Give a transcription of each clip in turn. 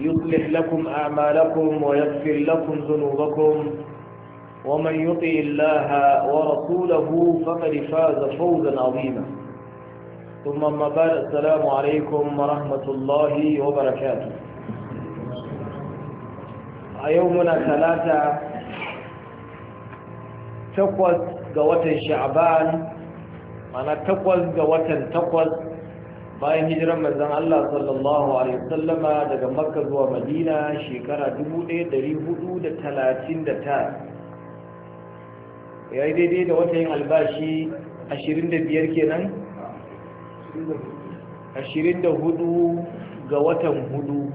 يصلح لكم أعمالكم ويغفر لكم ذنوبكم ومن يطع الله ورسوله فقد فاز فوزا عظيما ثم ما بعد السلام عليكم ورحمة الله وبركاته يومنا ثلاثة تقوى قوة شعبان أنا تقوى قوة تقوى bayan hijiran manzon Allah sallallahu alaihi wasallama daga Makka zuwa Madina shekara 1439 yi daidai da watan albashi 25 kenan 24 ga watan hudu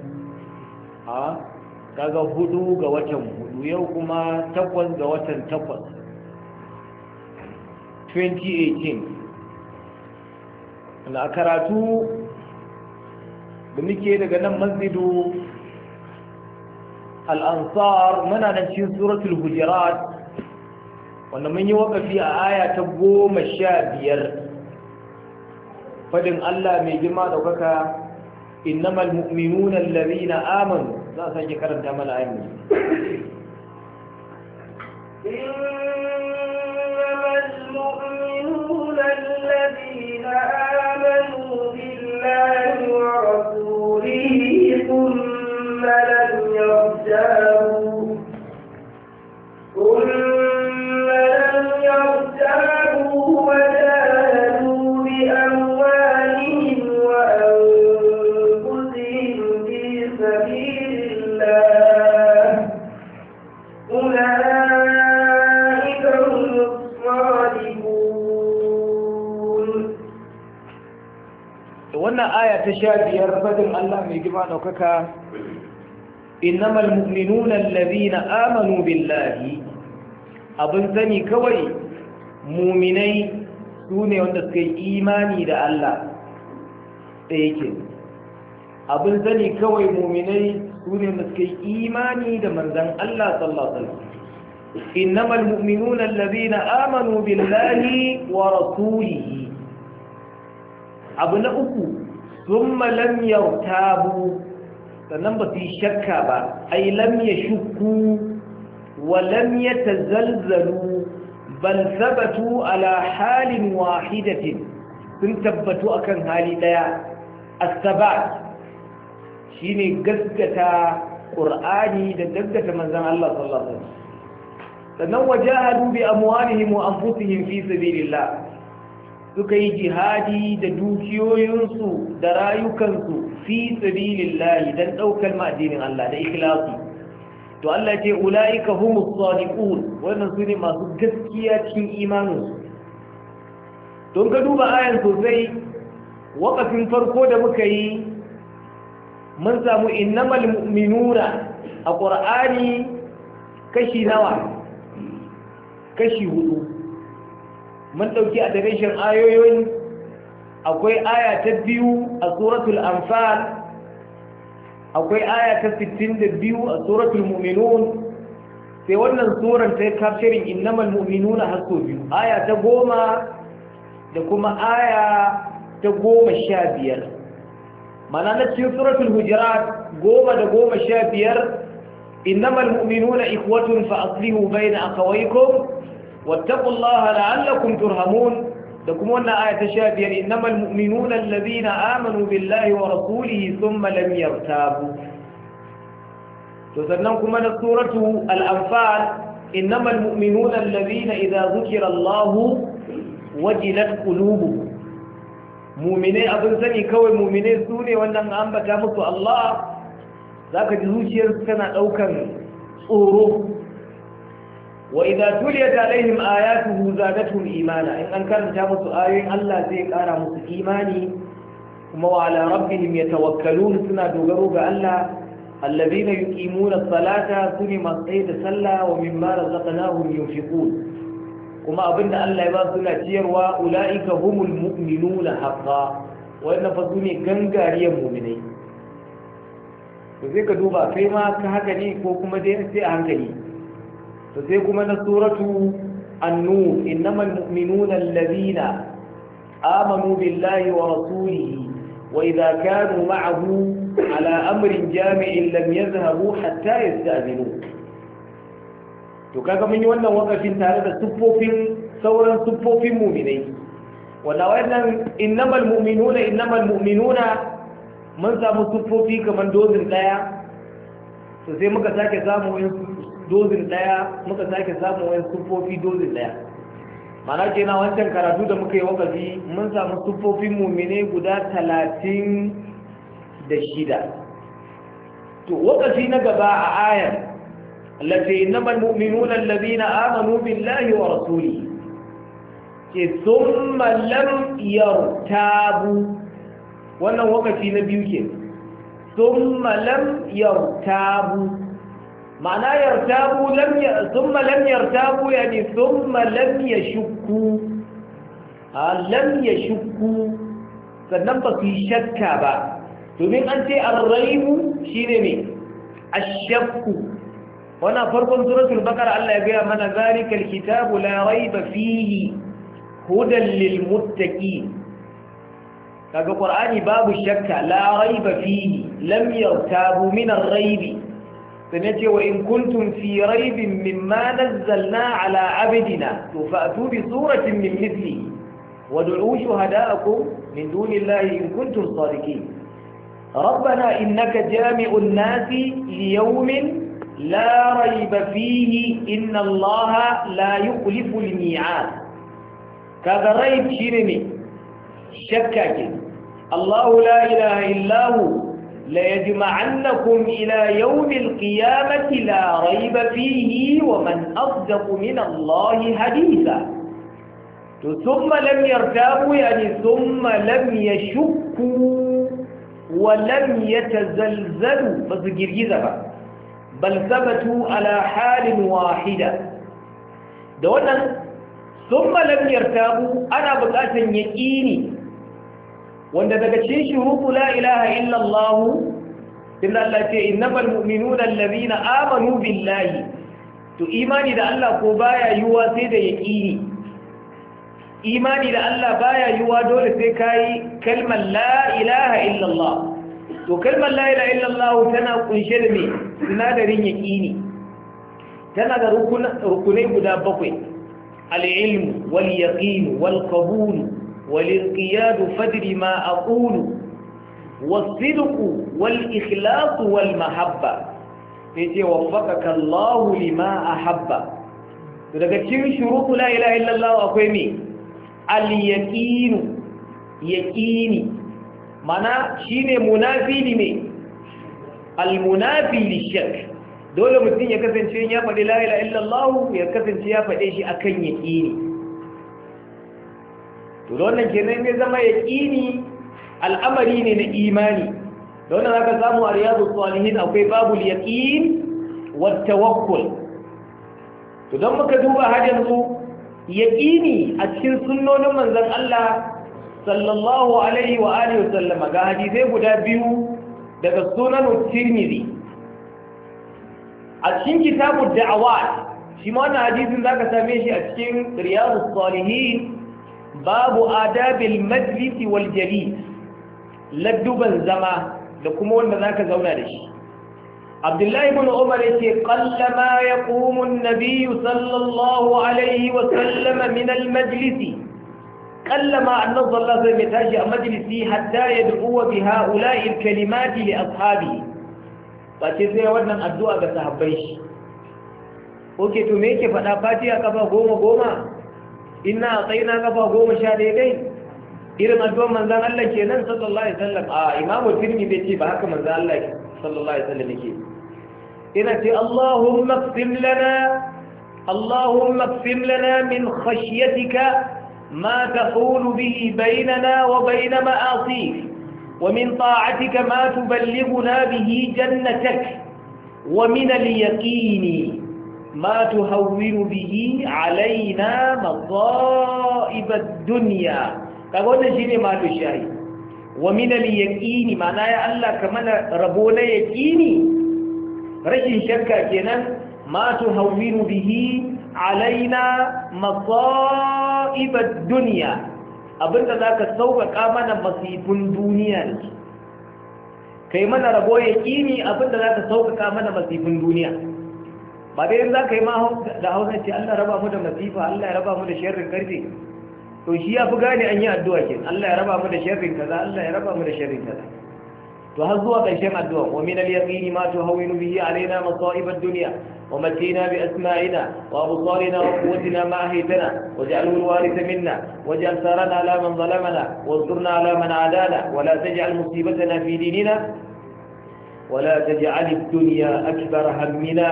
a kaga hudu ga watan hudu yau kuma takwas ga watan takwas 2018 na karatu da muke daga nan masjidu al'ansar muna nan cikin suratul hujirat wanda mun yi wakafi a aya ta goma sha biyar fadin Allah mai girma ɗaukaka innamal mu'minuna allazina amanu za a sake karanta mana ayin innamal ta sha biyar fadin Allah mai girma ɗaukaka innamal mu'minuna allazina amanu billahi abin sani kawai muminai sune wanda suka yi imani da Allah da yake abin sani kawai muminai sune wanda suka yi imani da manzan Allah sallallahu alaihi wasallam innamal mu'minuna allazina amanu billahi wa rasulihi abu na uku sun malam yautabu sannan ba su yi shakka ba ai lam ya shukku wa lam ya tazalzalu bal sabatu ala halin wahidatin sun tabbatu akan hali daya asaba shi shine gaskata ƙur'ani da gaskata manzon Allah sallallahu alaihi wasallam sannan wajahadu bi amwalihim wa anfusihim fi sabilillah suka yi jihadi da dukiyoyinsu da rayukansu fi sabilillahi dan ɗaukar ma'adinin Allah da ikhlasi to Allah ce ulaika humus sadiqun wannan su ne masu gaskiya cikin imaninsu don ka duba ayan sosai wakafin farko da muka yi mun samu innamal mu'minuna a ƙur'ani kashi nawa kashi hudu Man ɗauki a tafishin ayoyin akwai aya ta biyu a suratul amfan akwai aya ta da biyu a suratul mu'minun sai wannan tsoron ta yi kafshirin innamal mu'minuna hasso biyu aya ta goma da kuma aya ta goma sha biyar mana na cikin suratul hujurat goma da goma sha biyar innamal mu'minuna ikhwatun fa aslihu bayna akhawaykum wattaqullaha la'allakum turhamun da kuma wannan aya ta sha biyar innamal mu'minuna allazina amanu billahi wa rasulihi thumma lam yartabu to sannan kuma na suratu al-anfal innamal mu'minuna allazina idza zukira Allahu wajilat mu'mine abin sani kawai mu'mine su ne wannan ambata musu Allah zaka ji zuciyarsu tana daukan tsoro وإذا تليت عليهم آياته زادتهم إيمانا إن أنكر جابت آيين الله زي قال مس إيماني هم على ربهم يتوكلون سنة دوغروا بألا الذين يقيمون الصلاة سنة مصيد سلا ومما رزقناهم ينفقون كما أبن الله يبان سنة تير وأولئك هم المؤمنون حقا وإن فسوني غنغاريا مؤمنين وزي كدوبا فيما كهكني كوكما دي أنت أهنكني to sai kuma na suratu annu innamal mu'minuna allazina amanu billahi wa rasulihi wa idza kanu ma'ahu ala amrin jami'in lam yadhhabu hatta yastazinu to kaga mun yi wannan wakafin tare da siffofin sauran siffofin mu'minai wanda wannan innamal mu'minuna innamal mu'minuna mun samu siffofi kaman dozin daya to sai muka sake samu dozin daya muka sake samun wani sufofi dozin daya mana ke na wancan karatu da muka yi wakazi mun samu sufofin mumine guda talatin da shida to wakazi na gaba a ayar lafi na malmuminu lallabi na amanu billahi wa rasuli ke sun mallam tabu. wannan wakazi na biyu ke sun mallam tabu. ma'ana yartabu lam ya thumma lam yartabu yani thumma lam yashukku lam yashukku sannan ba su yi shakka ba domin an ce ra'ibu, shine ne shakku. wana farkon suratul baqara Allah ya gaya mana zalikal kitabu la raiba fihi hudan lil muttaqin kaga qur'ani babu shakka la raiba fihi lam yartabu min ar-raibi سنتي وإن كنتم في ريب مما نزلنا على عبدنا فأتوا بسورة من مثله وادعوا شهداءكم من دون الله إن كنتم صادقين ربنا إنك جامع الناس ليوم لا ريب فيه إن الله لا يخلف الميعاد كذا ريب شرمي شكاك الله لا إله إلا هو la yajma'annakum ila yawmil qiyamati la rayba fihi wa man afdaqu min Allah haditha to thumma lam yartabu yani thumma lam yashukku wa lam yatazalzalu ba su girgiza ba bal sabatu ala halin wahida da wannan sun malam yartabu ana buƙatar yaƙini wanda daga cikin shuruku la ilaha illallah inna Allah ce innamal mu'minuna allazina amanu billahi to imani da Allah ko baya yuwa sai da yaqini imani da Allah baya yuwa dole sai kai kalmar la ilaha illallah to kalmar la ilaha illallah tana kunshe da me sinadarin yaqini tana da rukunai guda bakwai al-ilm wal yaqin wal qabul والانقياد فدر ما أقول والصدق والإخلاص والمحبة يجي وفقك الله لما أحب ولكن شروط لا إله إلا الله أقومي اليقين يقيني mana shine munafili ne almunafili shak dole mutum ya kasance ya faɗi ya kasance ya faɗe shi akan yaƙini. to da wannan kenan zama yaƙini al'amari ne na imani da wannan zaka samu a riyadu salihin akwai babul yaqin wat tawakkul to dan muka duba har yanzu yaqini a cikin sunnonin manzon Allah sallallahu alaihi wa alihi wasallam ga hadisi guda biyu daga sunan Tirmidhi a cikin kitabud da'awat shi ma wannan hadisin zaka same shi a cikin riyadu salihin babu adabin majalisi waljari ladduban zama da kuma wanda za ka zauna da shi abdullahi bin umar ya ce kallama ya ƙumun nabiyu sallallahu alaihi wa sallama min almajalisi kallama annan zallar zai mai tashi a majalisi hadda ya dubu wa biha ula'il kalimati da ashabi ba ce wannan addu'a ga sahabbai shi Oke to me yake faɗa a ƙafa goma goma inna a tsaye na kafa goma sha daidai irin addu'ar manzan Allah ke nan sallallahu alaihi wasallam a imamu firmi bai ce ba haka manzan Allah sallallahu alaihi wasallam yake ina ce Allahumma qsim lana Allahumma qsim lana min khashyatika ما تحول به بيننا وبين مآصيك ومن طاعتك ما تبلغنا به جنتك ومن اليقين ma tuhawwiru bihi alaina madaib ad kaga wannan shine ma to shayi wa min al-yaqini mana ya Allah kamar rabo na yaqini rashin shakka kenan ma tuhawwiru bihi alaina madaib ad-dunya abinda zaka ka mana masifin duniya kai mana rabo yaqini abinda zaka sauƙaƙa mana masifin duniya ba dai in za ka yi ma da hausa ce Allah raba mu da masifa Allah ya raba mu da sharrin karfe to shi ya fi gane an yi addu'a ke Allah ya raba mu da sharrin kaza Allah ya raba mu da sharrin kaza to har zuwa ƙarshen addu'a wa min al-yaqini ma tuhawwinu bihi alaina masa'ib ad-dunya wa matina bi asma'ina wa absarina wa quwwatina ma ahitana waj'alhu al-waritha minna waj'al tharana ala man zalamana wansurna ala man adana wa la taj'al na fi dinina ولا تجعل الدنيا أكبر همنا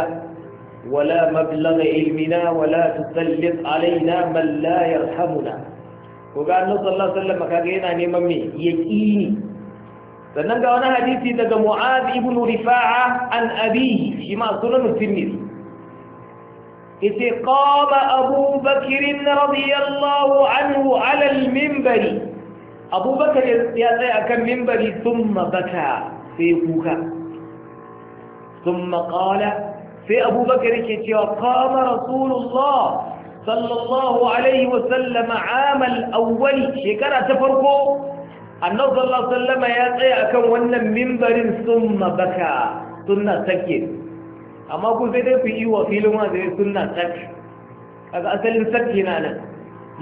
ولا مبلغ علمنا ولا تسلط علينا من لا يرحمنا kuga annabi sallallahu alaihi wasallam kaga yana neman me yaqini sannan ga wani hadisi daga Mu'adh ibn Rifa'a an abi shi ma sunan Tirmidhi yace qama Abu Bakr radiyallahu anhu ala al-minbari Abu Bakr ya tsaya akan minbari thumma baka sai kuka thumma qala sai abubakar ke cewa kama rasulullah sallallahu alaihi wasallam amal awwal shekara ta farko annabi sallallahu alaihi ya tsaya akan wannan mimbarin summa baka sunna sake amma ku sai dai ku yi wa filin wa zai sunna sake kaga asalin sake na nan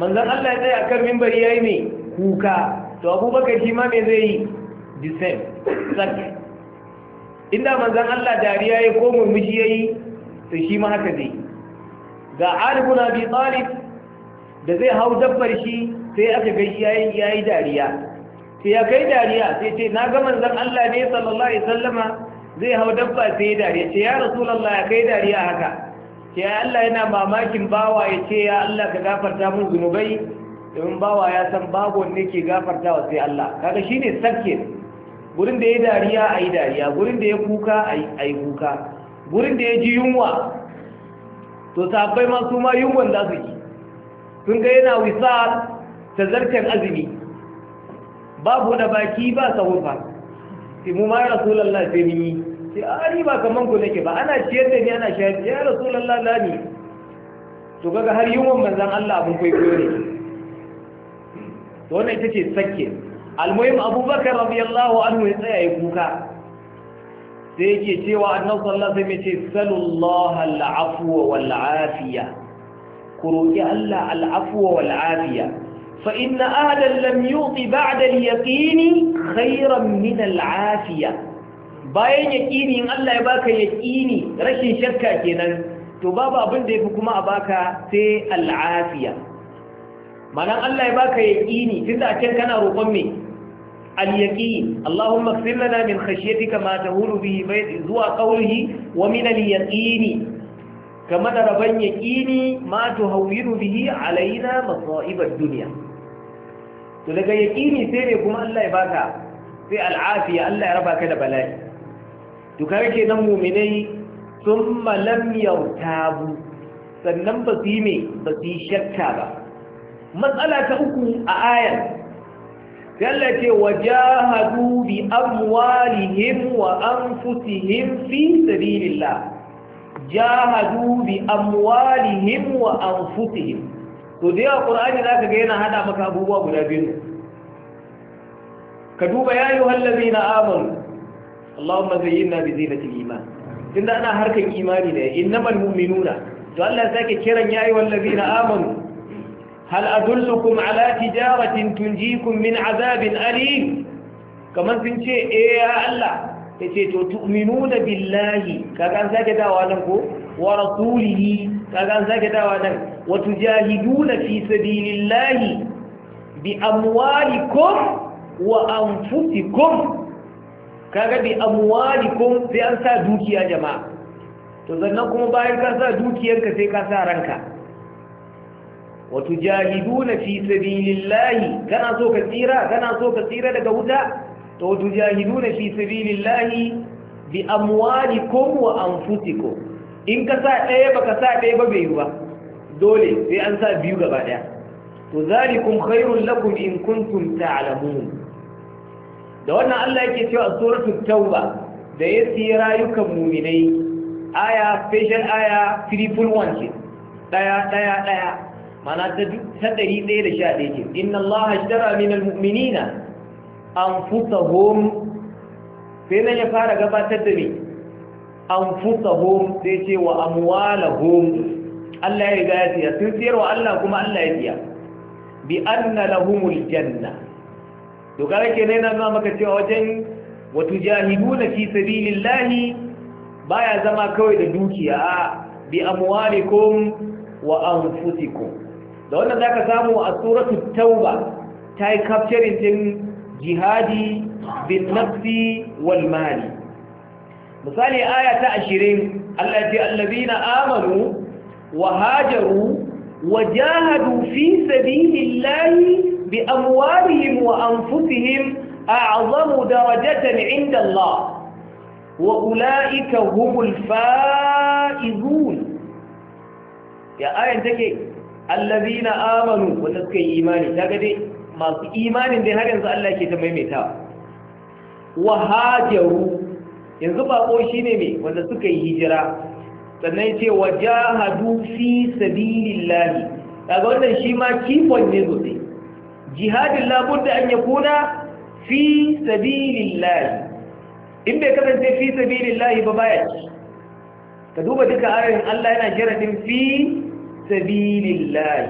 manzon Allah ya tsaya akan mimbari yayi ne kuka to abubakar shi ma me zai yi the same sake inda manzan Allah dariya ya ko murmushi ya yi to shi ma haka zai ga alibun abi talib da zai hau dabbar shi sai aka ga ya yi dariya sai ya kai dariya sai ce na ga manzan Allah ne sallallahu alaihi sallama zai hau dabba sai ya dariya ce ya rasulallah ya kai dariya haka ce Allah yana mamakin bawa ya ce ya Allah ka gafarta mun zunubai domin bawa ya san babu ne ke gafartawa sai Allah kaga shine sakke gurin da ya dariya a yi dariya gurin da ya kuka a yi kuka gurin da ya ji yunwa to sabai masu ma yunwan za su yi sun ga yana wisa ta zarcen azumi babu da baki ba sahufa sai mu ma rasulallah sai mun yi a ni ba kaman ku nake ba ana ciyar da ni ana shayar ya rasulallah na ni to kaga har yunwan manzan Allah abin kwaikwayo ne to wannan ita ce sakke almuhim abubakar radiyallahu anhu ya tsaya ya kuka sai yake cewa annabi sallallahu alaihi wasallam ya sallallahu wal afiya ku roki Allah al'afwa wal afiya fa inna ahadan lam yuti ba'da al-yaqini khayran min al-afiya bayan yaqini in Allah ya baka yaqini rashin shakka kenan to babu abin da yafi kuma a baka sai al-afiya malan Allah ya baka yaqini tunda a can kana roƙon me اليقين اللهم اغفر لنا من خشيتك ما تهول به بيت زوى قوله ومن اليقين كما ربن يقين ما تهول به علينا مصائب الدنيا to daga yaqini sai ne kuma Allah ya baka sai al'afiya Allah ya raba ka da bala'i to kenan mu'minai thumma lam yartabu sannan ba su yi me ba su ba matsala ta uku a ayan. yalla ce wajahadu bi amwalihim wa anfusihim fi sabilillah jahadu bi amwalihim wa anfusihim to dai a qur'ani zaka ga yana haɗa maka abubuwa guda biyu ka duba ya ayyuhal na amanu Allahumma zai yi na bi zai zinatil iman tunda ana harkan imani da innamal nuna. to Allah sake kiran ya ayyuhal na amanu hal adullukum ala tijaratin tunjikum min azabin Ali. kamar sun ce eh ya Allah yace to tu'minuna billahi kaga an sake dawa nan ko wa rasulihi kaga an sake dawa nan fi bi wa kaga bi amwalikum sai an sa dukiya jama'a to sannan kuma bayan ka sa dukiyarka sai ka sa ranka wato tujahiduna fi sabilillahi kana so ka tsira kana so ka tsira daga wuta to tujahiduna fi sabilillahi bi amwalikum wa anfusikum in ka sa ɗaya baka sa ɗaya ba bai ba dole sai an sa biyu gaba ɗaya to zalikum khairul lakum in kuntum ta'lamun da wannan Allah yake cewa a suratul tauba da ya siya rayukan muminai aya special aya 341 ɗaya ɗaya ɗaya mana ta ɗari ɗaya da sha ɗaya ke inna Allah ashtara min almu'minina anfusahum sai nan ya fara gabatar da ni anfusahum sai ce wa amwalahum Allah ya riga ya siya sun siyar wa Allah kuma Allah ya siya bi anna lahumul janna to kaga kenan yana nuna maka cewa wajen wa tujahiduna fi sabilillahi baya zama kawai da dukiya bi amwalikum wa anfusikum da wannan za ka samu a tsoratu tauba ta yi kafcirin jihadi bin nafsi wal mali misali aya ta ashirin allafi na amanu wa hajaru wa jahadu fi sabilillahi bi amwalihim wa anfusihim a'zamu darajatan 'inda Allah وأولئك هم الفائزون ya ayan take. na amanu wanda suka yi imani kaga masu imanin dai har yanzu Allah ke ta maimaita. wa hajaru yanzu bako shine me wanda suka yi hijira sannan wa jahadu fi sabilillah kaga wannan shi ma kifon ne sosai jihadin labudda an kuna, fi sabilillah in bai kasance fi sabilillah ba baya ka duba duka arin Allah yana jaradin fi سبيل الله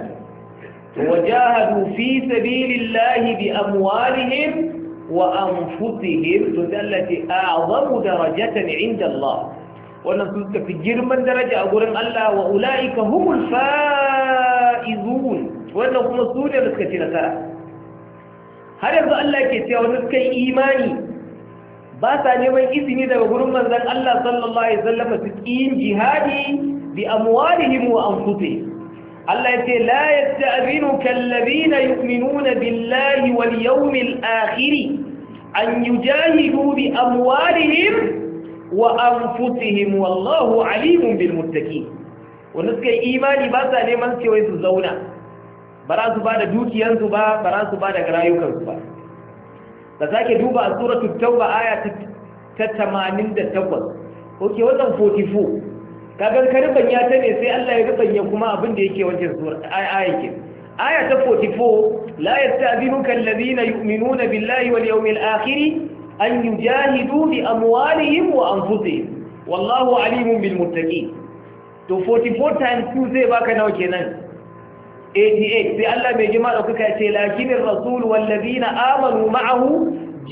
وجاهدوا في سبيل الله بأموالهم وأنفسهم التي أعظم درجة عند الله وأنا قلت في جرم درجة أقول الله وأولئك هم الفائزون وأنه هم الصوري لسكتنا هل يرضى الله كي ونسكي إيماني باسا نيوان إذني ذا وقرم من ذا الله صلى الله عليه وسلم تسئين جهادي بأموالهم وأنفسهم Allah ya ce la yasta'zinuka alladhina yu'minuna billahi wal yawmil akhir an yujahidu bi amwalihim wa anfusihim wallahu alimun bil muttaqin wanda suka yi imani ba sa neman cewa su zauna ba su ba da dukiyansu ba ba su ba da rayukansu ba da sake duba a suratul tauba aya ta 88 oke watan 44 kagan ka ribanya ta ne sai Allah ya ribanya kuma abin da yake wajen suwar ayyakin aya ta 44 la yastabinuka alladhina yu'minuna billahi wal yawmil akhir an yujahidu bi amwalihim wa anfusihim wallahu alimun bil muttaqin to 44 times 2 zai baka nawa kenan 88 sai Allah mai jima da kuka ce lakinin rasul wallazina amanu ma'ahu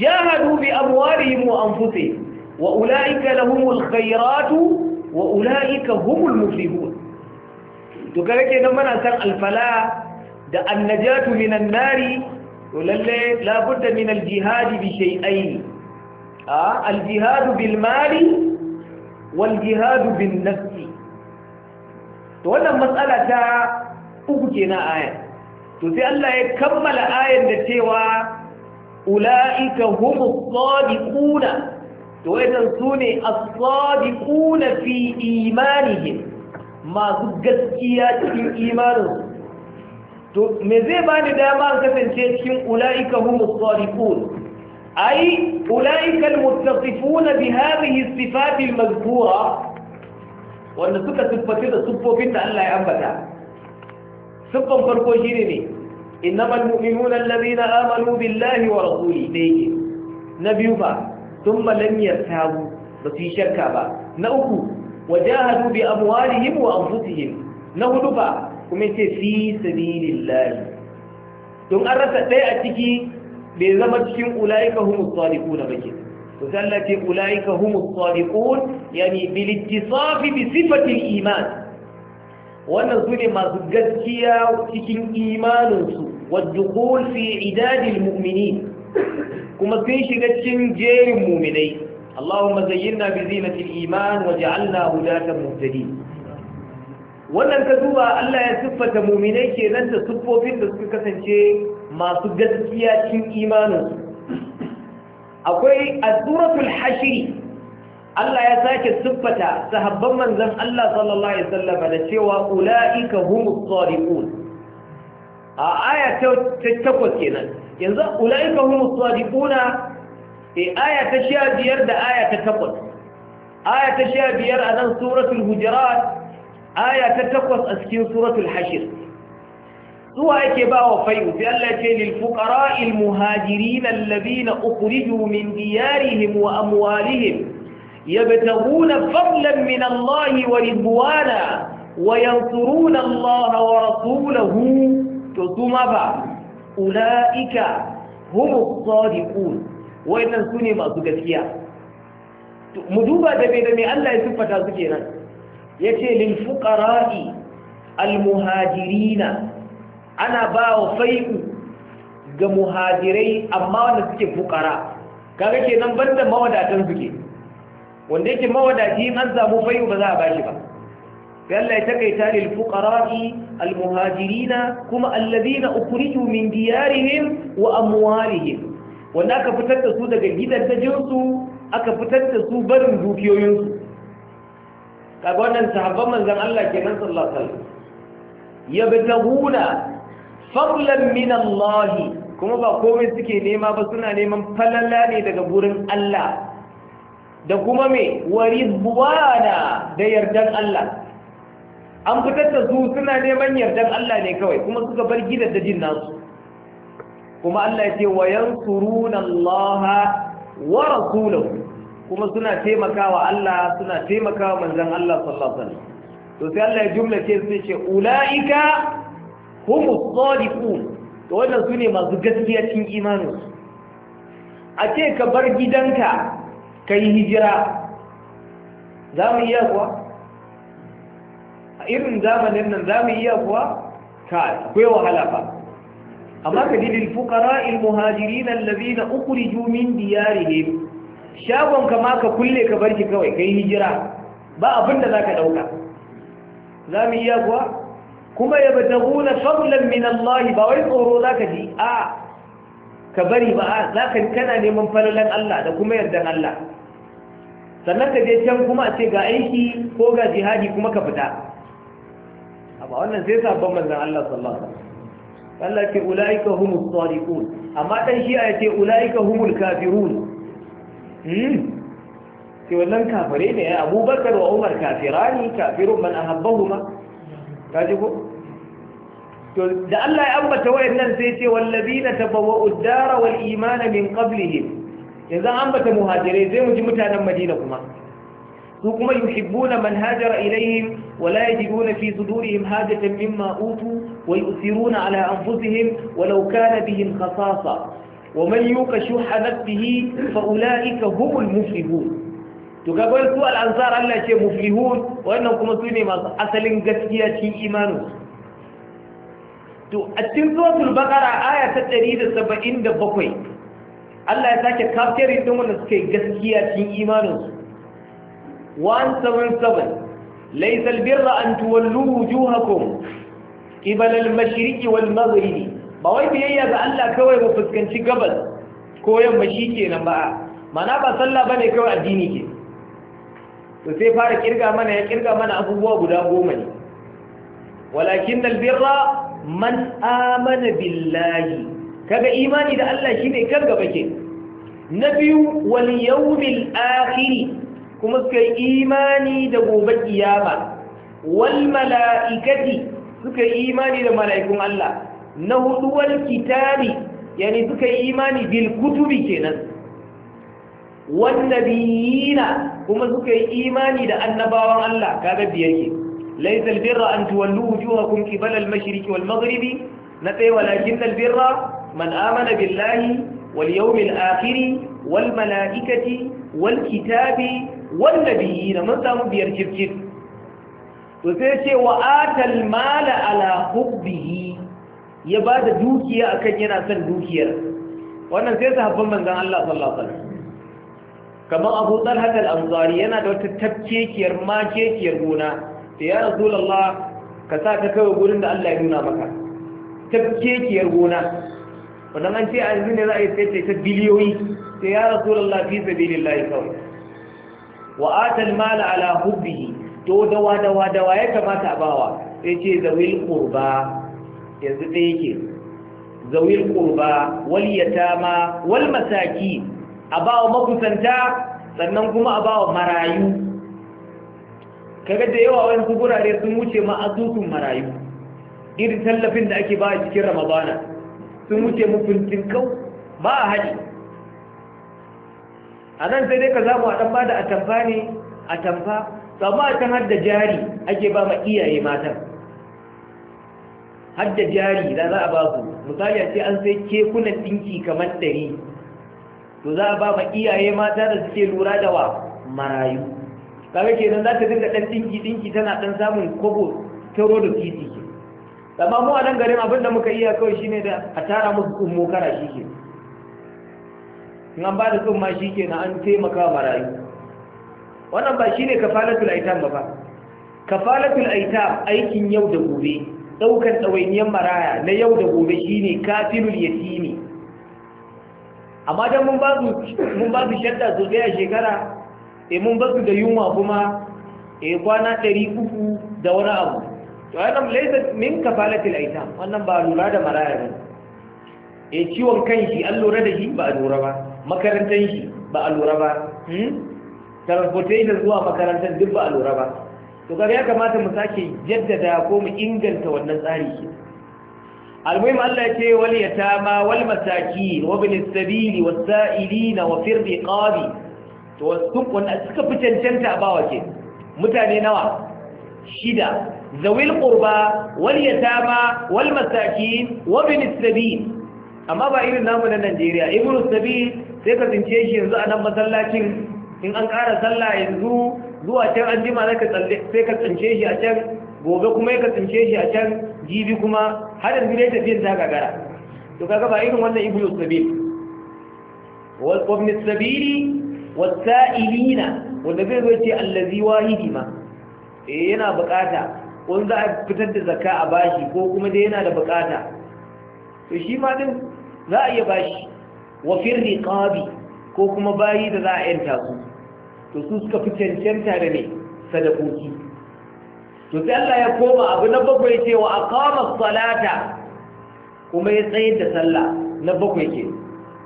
jahadu bi amwalihim wa anfusihim wa ulaika lahumul khairatu wa ula'ika humul muflihun to kaga kenan mana san alfala da annajatu minan nari to lalle labudda min aljihadi bi shay'ain a aljihadu bil mali wal bin nafsi to wannan matsala ta uku kenan aya to sai Allah ya kammala ayan da cewa ula'ika humus sadiquna to wajen su ne as-sadiquna fi imanihim masu gaskiya cikin imanin, to me zai bani dama kasance cikin ulaika humus sadiqun ay ulaika almuttasifun bi hadhihi as-sifat al-mazkura wanda suka siffati da siffofin da Allah ya ambata siffan farko shi ne innamal mu'minuna alladhina amanu billahi wa rasulihi dai na biyu ba sun malamiyar tabu ba su yi shakka ba na uku wajahadu bi amwalihim wa anfusihim na hudu ba kuma yace fi sabilillah don an rasa ɗaya a ciki bai zama cikin ulaika humus sadiquna bake to sallah ce ulaika humus sadiqun yani bil ittisafi bi sifati al iman wannan sune masu gaskiya cikin imaninsu wa dukhul fi idadil mu'minin kuma sun shiga cikin jerin muminai Allahumma zayyinna bi zinatil iman waj'alna hudatan muhtadin wannan ka duba Allah ya siffata muminai kenan da siffofin da suka kasance masu gaskiya cikin imanin akwai azuratul hashiri Allah ya sake siffata sahabban manzon Allah sallallahu alaihi wasallam da cewa ulaika humus sadiqun a aya ta 8 kenan yanzu ula'ika hum sadiquna e aya ta sha biyar da aya ta takwas aya ta sha biyar a nan suratul hujurat aya ta takwas a cikin suratul hashir zuwa yake ba wa fayu fi Allah ce lil fuqara al muhajirin alladhina ukhriju min diyarihim wa amwalihim yabtaguna fadlan min Allah wa ridwana wa yansuruna Allah wa rasulahu to kuma ba ula'ika humu sadiqun wayannan sune masu gaskiya mu duba da me da Allah ya siffata su kenan Ya ce fuqara'i al ana ba wa fai'u ga muhajirai amma wanda suke fuqara kaga kenan banda mawadatan suke wanda yake mawadaci an samu fai'u ba za a bashi ba sai Allah ya takaita lil almuhajirina kuma alladhina ukhriju min diyarihim wa amwalihim wanda aka fitar da su daga gidajensu aka fitar da su barin dukiyoyinsu kaga wannan sahabban manzon Allah kenan sallallahu alaihi wasallam yabtaguna fadlan min Allah kuma ba komai suke nema ba suna neman falala ne daga gurin Allah da kuma me warizwana da yardan Allah an fitar da su suna neman yardan Allah ne kawai kuma suka bar gidan da jin nasu kuma Allah ya ce wa yansuruna Allah wa rasulahu kuma suna taimakawa Allah suna taimakawa manzon Allah sallallahu alaihi wasallam to sai Allah ya jumla ce sai ce ulaika humus sadiqun to wannan sune masu gaskiya cikin imanin a ce ka bar gidanka kai hijira za mu iya kuwa irin zamanin nan za mu iya kuwa ka akwai wahala fa amma ka dilil fuqara al muhajirin alladhina ukhriju min diyarihim shagon ka ma ka kulle ka barki kawai kai hijira ba abin da zaka dauka za mu iya kuwa kuma yabtaguna fadlan min Allah ba wai tsoro zaka ji a ka bari ba za ka kana neman falalan Allah da kuma yardan Allah sannan ka je can kuma a ce ga aiki ko ga jihadi kuma ka fita ba wannan sai sabon manzan Allah sallallahu alaihi wasallam Allah ke ulaika humus sadiqun amma dan shi ya ce ulaika humul kafirun hmm ke wannan kafare ne ya Abubakar wa Umar kafirani kafirun man ahabbahuma kaji ko to da Allah ya ambata wayannan sai ce wallazina tabawwa'u ad-dara wal imana min qablihim yanzu ambata muhajirai sai mu ji mutanen Madina kuma su kuma yuhibbuna man hajara ilayhim wa la yajiduna fi sudurihim hajatan mimma utu wa yusiruna ala anfusihim walau kana bihim khasasa wa man yuqa shuhha nafsihi fa ulaika humul muflihun to ga bar su al'ansar Allah ce muflihun wannan kuma su ne masu asalin gaskiya cikin imanin to a cikin suratul baqara aya ta 177 Allah ya sake kafiri din wanda suke gaskiya cikin imanin 177 ليس البر أن تولوا وجوهكم قبل المشرق والمغرب بوي biyayya ga Allah kawai ba fuskanci gabas ko yamma nan ba mana ba sallah bane kawai addini ke to sai fara kirga mana ya kirga mana abubuwa guda goma ne walakin albirra man amana billahi kaga imani da Allah shine kan gaba ke na biyu wal yawmil akhir kuma suka yi imani da gobe kiyama wal mala'ikati suka yi imani da mala'ikun Allah na hudu wal kitabi yani suka yi imani bil kutubi kenan wan nabiyina kuma suka yi imani da annabawan Allah kaga biyar ke laysa al birra an tuwallu wujuhakum qibala al mashriqi wal na tsaye walakin al birra man amana billahi wal yawmil akhir wal mala'ikati wal kitabi wanda biyi na mun samu biyar kirkir to sai ce wa atal mala ala hubbihi ya ba da dukiya akan yana son dukiyar wannan sai su sahabban manzon Allah sallallahu alaihi wasallam kamar Abu Talha al-Ansari yana da wata tafkekiyar makekiyar gona da ya Rasulullah ka sa ta kawai gurin da Allah ya nuna maka tafkekiyar gona wannan an ce a yanzu ne za a yi sai ta biliyoyi sai ya Rasulullah fi sabilillah kawai wa atal mala ala hubbihi to dawa dawa dawa ya kamata a bawa sai ce zawil qurba yanzu da yake zawil qurba wal yatama wal masaki a makusanta sannan kuma a marayu kaga da yawa wani gurare sun wuce ma azukun marayu irin tallafin da ake ba a cikin ramadana sun wuce fintin kau ba a haɗi a nan sai dai ka zamu a ɗan bada a tamfa ne a tamfa amma a can hadda jari ake ba ma iyaye matan hadda jari da za a ba ku misali a ce an sai kekunan ɗinki kamar ɗari to za a ba ma iyaye mata da suke lura da wa marayu kaga kenan za ta dinga ɗan ɗinki ɗinki tana ɗan samun kobo ta da titi amma mu a nan garin abin da muka iya kawai shine da a tara musu tsummo kara shi ke in an ba da tsumma shi ke na an taimaka wa marayu wannan ba shi ne kafalatul aitam ba ba kafalatul aitam aikin yau da gobe ɗaukar ɗawainiyar maraya na yau da gobe shi ne kafilul yatimi amma don mun ba su shadda su ɗaya shekara e mun ba su da yunwa kuma e kwana ɗari uku da wani abu to wannan laisa min kafalatul aitam wannan ba lura da maraya ne e ciwon kan shi an lura da shi ba a lura ba makarantar shi ba a lura ba hmm? transportation zuwa makarantar duk ba a lura ba to kaga ya kamata mu sake jaddada ko mu inganta wannan tsari shi almuhim Allah ya ce wal yatama wal masakin wa bil sabili was sa'ilina wa fir riqabi to sun wannan suka fi cancanta ba wace mutane nawa shida zawil qurba wal yatama wal masakin wa bil sabil amma ba irin namu na Najeriya ibnu sabil sai ka tsince shi yanzu a nan masallacin in an ƙara sallah yanzu zuwa can an jima sai ka tsince shi a can gobe kuma ya tsince shi a can jibi kuma har yanzu ne tafiyan ta gagara to kaga ba irin wannan ibnu sabil wal ibn sabili ilina wanda zai zo ce allazi wahidi ma eh yana bukata wanda za a fitar da zakka a bashi ko kuma dai yana da bukata to shi ma din za a iya bashi wa firri ƙabi ko kuma bayi da za a yanta su to su suka fi cancanta da ne sadakoki to sai Allah ya koma abu na bakwai cewa a kama salata kuma ya tsayar da sallah na bakwai ke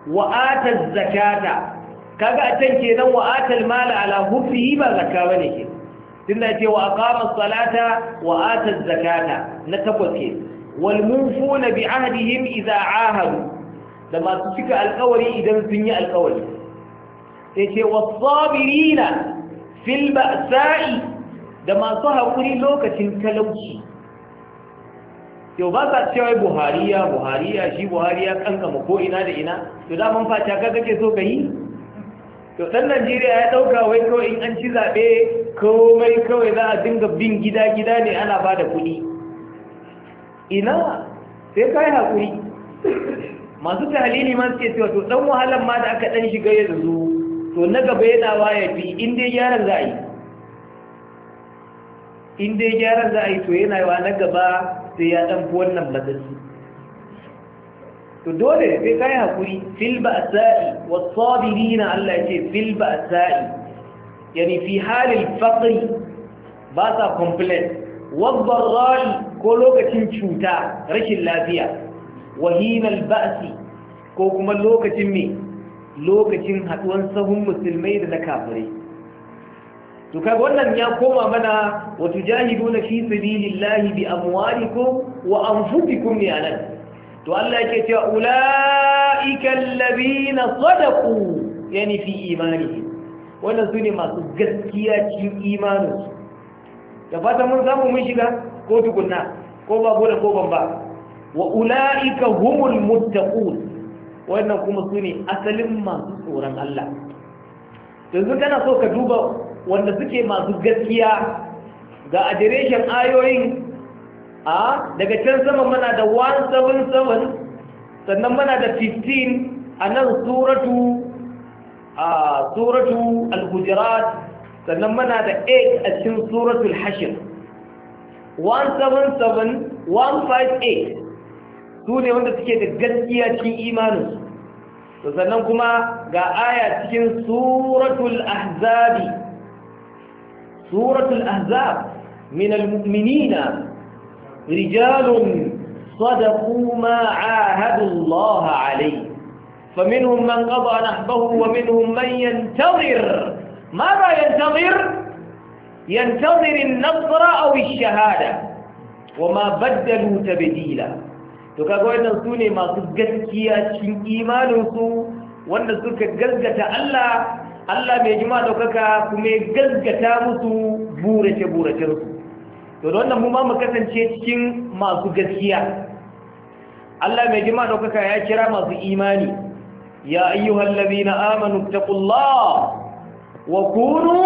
wa'atar zakata kaga a can nan wa'atar mala ala hufi ba zakka bane ke tunda ce wa aqama salata wa ata zakata na takwas ke wal munfuna bi ahdihim idza ahadu da masu cika alkawari idan sun yi alkawari sai ce wasabirina fil ba'sa'i da masu hakuri lokacin talauci yau ba sa cewa buhariya buhariya shi buhariya kankama ko ina da ina to da mun fata ka kake so ka yi to dan najeriya ya ɗauka wai kawai in an ci zaɓe komai kawai za a dinga bin gida-gida ne ana bada da kuɗi ina sai ka yi masu tahalili ma suke cewa to dan wahalan ma da aka dan shiga ya zuzu to na gaba yana waya fi in dai gyaran za a yi in dai gyaran za a yi to yana yawa na gaba sai ya dan fi wannan matsatsi to dole sai kai hakuri fil ba'sa'i was-sabirin Allah yake fil ba'sa'i yani fi halil faqri ba ta complain wa dharrai ko lokacin cuta rashin lafiya wahinal ba'si ko kuma lokacin me lokacin haduwan sahun musulmai da na kafirai to kaga wannan ya koma mana wa tujahiduna fi sabilillahi bi amwalikum wa anfusikum ya nan to Allah yake cewa ulaika allazina sadaqu yani fi imanihim wannan sune masu gaskiya cikin imaninsu da fata mun samu mun shiga ko tukunna ko ba ko ko ban ba wa ula'ika humul muttaqun wannan kuma su ne asalin masu tsoron Allah yanzu kana so ka duba wanda suke masu gaskiya ga adireshin ayoyin a daga can sama muna da 177 sannan muna da 15 a nan suratu a suratu al-hujurat sannan muna da 8 a cikin suratul hashir 177 158 su ne wanda suke da gaskiya cikin imaninsu to sannan kuma ga aya cikin suratul ahzabi suratul ahzab min almu'minina rijalun صدقوا ما عاهدوا الله عليه فمنهم من قضى نحبه ومنهم من ينتظر ماذا ينتظر ينتظر النصر أو الشهادة وما بدلوا تبديلا to kaga wannan su ne masu gaskiya cikin imaninsu wanda suka gaskata Allah Allah mai jima daukaka kuma ya gaskata musu burace buracensu to da wannan mu ma mu kasance cikin masu gaskiya Allah mai jima daukaka ya kira masu imani ya ayyuhal ladina amanu taqullah wa kunu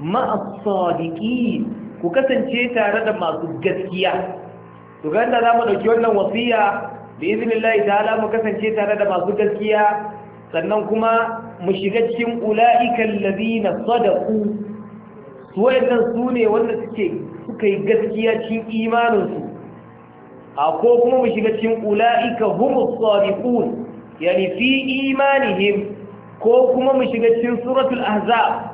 ma'as sadiqin ku kasance tare da masu gaskiya to ga zamu ɗauki wannan wasiya da iznillahi ta'ala mu kasance tare da masu gaskiya sannan kuma mu shiga cikin ula'ikan ladina sadaqu su wayannan su ne wanda suke suka yi gaskiya cikin imaninsu, a ko kuma mu shiga cikin ula'ika humus sadiqun yani fi imanihim ko kuma mu shiga cikin suratul ahzab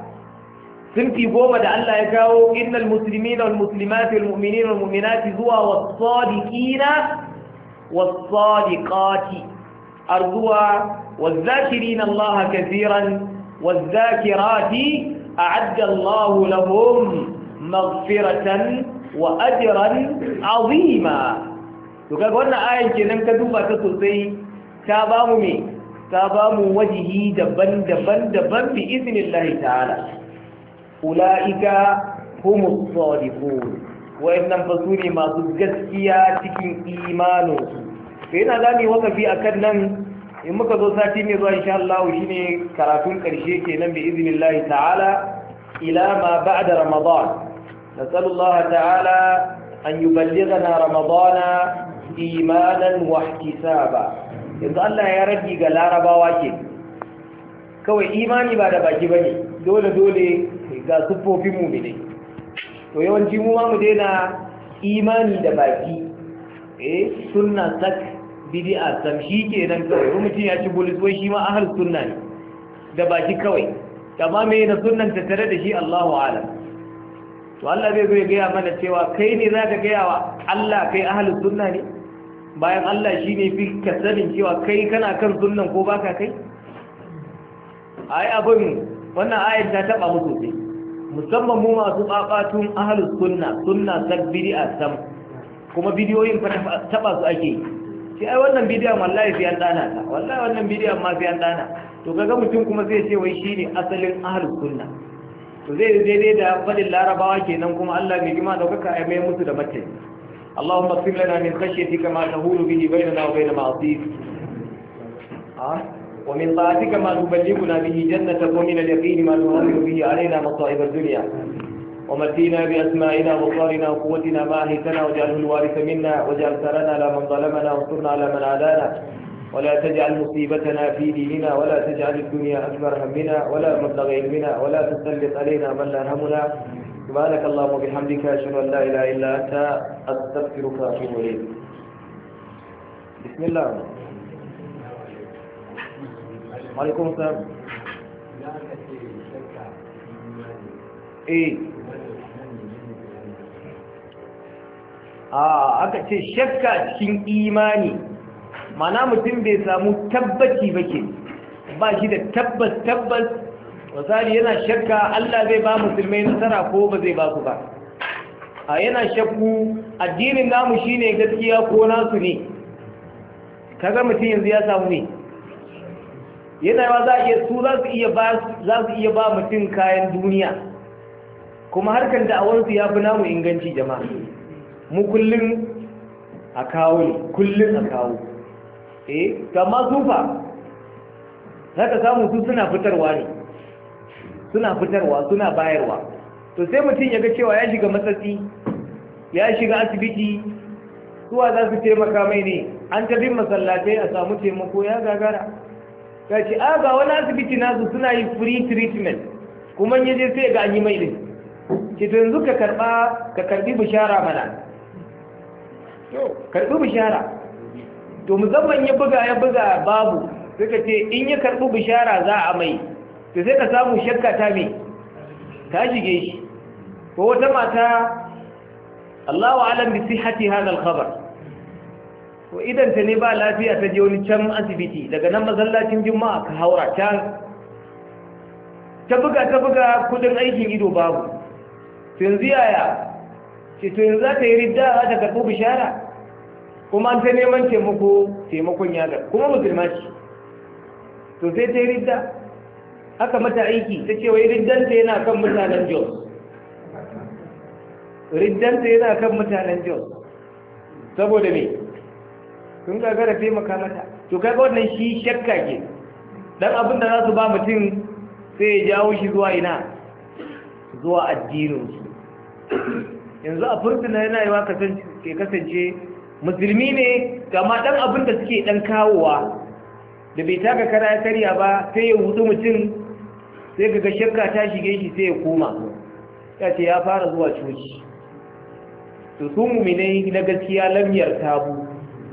sunfi goma da Allah ya kawo innal musulmi da musulmati al’umini da al’uminati zuwa sadiƙina na wasaɗiƙati arzuwa wazzakiri na Allah haka ziran wazzakirati a ajiyar lahu lahun mafiratan wa ajiran azima duka ga wannan ayan ke nan ka duba ta sosai ta bamu wajihi daban-daban-daban fi izinin lahi ta'ala ula'ika humus sadiqun wayannan fa ne masu gaskiya cikin imaninsu sai yana zami wakafi akan nan in muka zo sati mai zuwa insha Allah shine karatun karshe kenan bi iznillahi ta'ala ila ma ba'da ramadan nasallallahu ta'ala an yuballighana ramadana imanan wa ihtisaba yanzu Allah ya rage ga larabawa ke kawai imani ba da baki bane dole dole ga siffofin mu'minai to yawanci mu ma mu daina imani da baki eh sunna sak bid'a sam shi nan kawai wani mutum ya ci bulis wai shi ma ahal sunna ne da baki kawai amma me na sunnan tare da shi Allahu a'lam to Allah bai zai gaya mana cewa kai ne zaka gaya wa Allah kai ahal sunna ne bayan Allah shi ne fi ka sanin cewa kai kana kan sunan ko baka kai ai abin wannan ayat ta taba mu sosai musamman mu masu ƙaƙatun ahalus sunna sunna sab bidi'a sam kuma bidiyoyin fa taba su ake shi ai wannan bidiyan wallahi sai an dana ta wallahi wannan bidiyan ma sai an dana to kaga mutum kuma zai ce wai shine asalin ahalus sunna to zai daidai da fadin larabawa kenan kuma Allah mai gima daukaka ai mai musu da mace Allahumma اغفر min khashyatika ma tahulu bihi bainana wa وبين معصيتك ah ومن طاعتك ما تبلغنا به جنتك ومن اليقين ما تهون به علينا مصائب الدنيا ومتينا بأسمائنا وصارنا وقوتنا ما أهيتنا واجعله الوارث منا وجعل ثرنا على من ظلمنا وانصرنا على من عادانا ولا تجعل مصيبتنا في ديننا ولا تجعل الدنيا أكبر همنا ولا مبلغ علمنا ولا تسلط علينا من لا همنا سبحانك اللهم وبحمدك أشهد أن لا إله إلا أنت أستغفرك وأتوب إليك بسم الله alaikun salam eh. a aka ce shakka cikin imani mana mutum bai samu tabbaci ba ke ba shi da tabbas tabbas misali yana shakka Allah zai ba musulmai nasara ko ba zai ba su ba a yana shakku addinin namu ne gaskiya ko nasu ne kaga mutum yanzu ya samu ne yana za a iya su za su iya ba za su iya ba mutum kayan duniya kuma harkar da'awarsu ya fi namu inganci jama'a mu kullum a kawo ne kullum a kawo eh amma sufa za ka samu su suna fitarwa ne suna fitarwa suna bayarwa to sai mutum ya ga cewa ya shiga matsatsi ya shiga asibiti suwa za su taimaka mai ne an tafi masallatai a samu taimako ya gagara ta ce a ah, ga wani asibiti nasu suna yi free treatment kuma ya je sai ga yi mai ne. ce to yanzu ka karba ka karbi bishara mana karbi bishara to musamman ya buga ya buga babu sai ka ce in ya karbi bishara za a mai to sai ka samu shakka ta mai ta shige shi ko wata mata Allahu alam bi sihhati hadha al-khabar to idan ta ne ba lafiya ta je wani can asibiti daga nan masallacin juma'a ka haura can ta buga ta buga kudin aikin ido babu yanzu yaya ce to yanzu za ta yi ridda za ta karɓo bishara kuma an ta neman taimako taimakon yaga kuma musulma ce to sai ta yi ridda aka mata aiki ta ce wai riddanta yana kan mutanen jos riddanta yana kan mutanen jos saboda me sun gagara taimaka mata to kai ba wannan shi shakka ke dan abinda za su ba mutum sai ya jawo shi zuwa ina zuwa addinin su. yanzu a furtuna yana yi wa ke kasance musulmi ne kama dan abinda suke dan kawowa da bai taka kara ya karya ba sai ya hudu mutum sai ga shakka ta shige shi sai ya koma ya ce ya fara zuwa coci to su muminai na gaskiya lanyar tabu